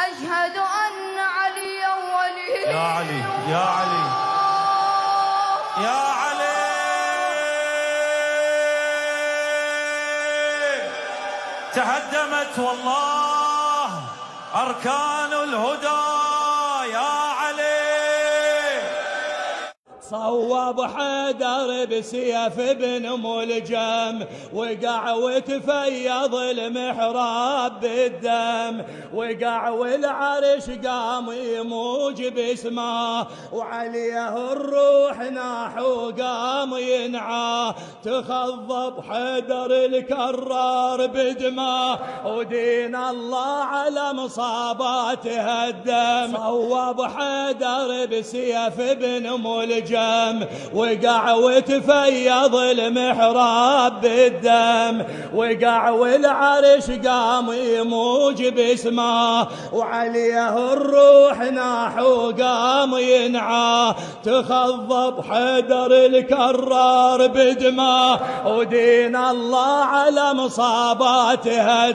أشهد أن عليا ولي يا علي يا علي يا علي تهدمت والله أركان الهدى صوب حدر بسيف ابن ملجم وقع وتفيض المحراب بالدم وقع والعرش قام يموج باسمه وعليه الروح ناح وقام ينعى تخضب حدر الكرار بدمه ودين الله على مصاباته الدم صوب حدر بسيف ابن ملجم الدم وقع وتفيض المحراب بالدم وقع والعرش قام يموج باسمه وعليه الروح ناح وقام ينعى تخضب حدر الكرار بدمه ودين الله على مصاباته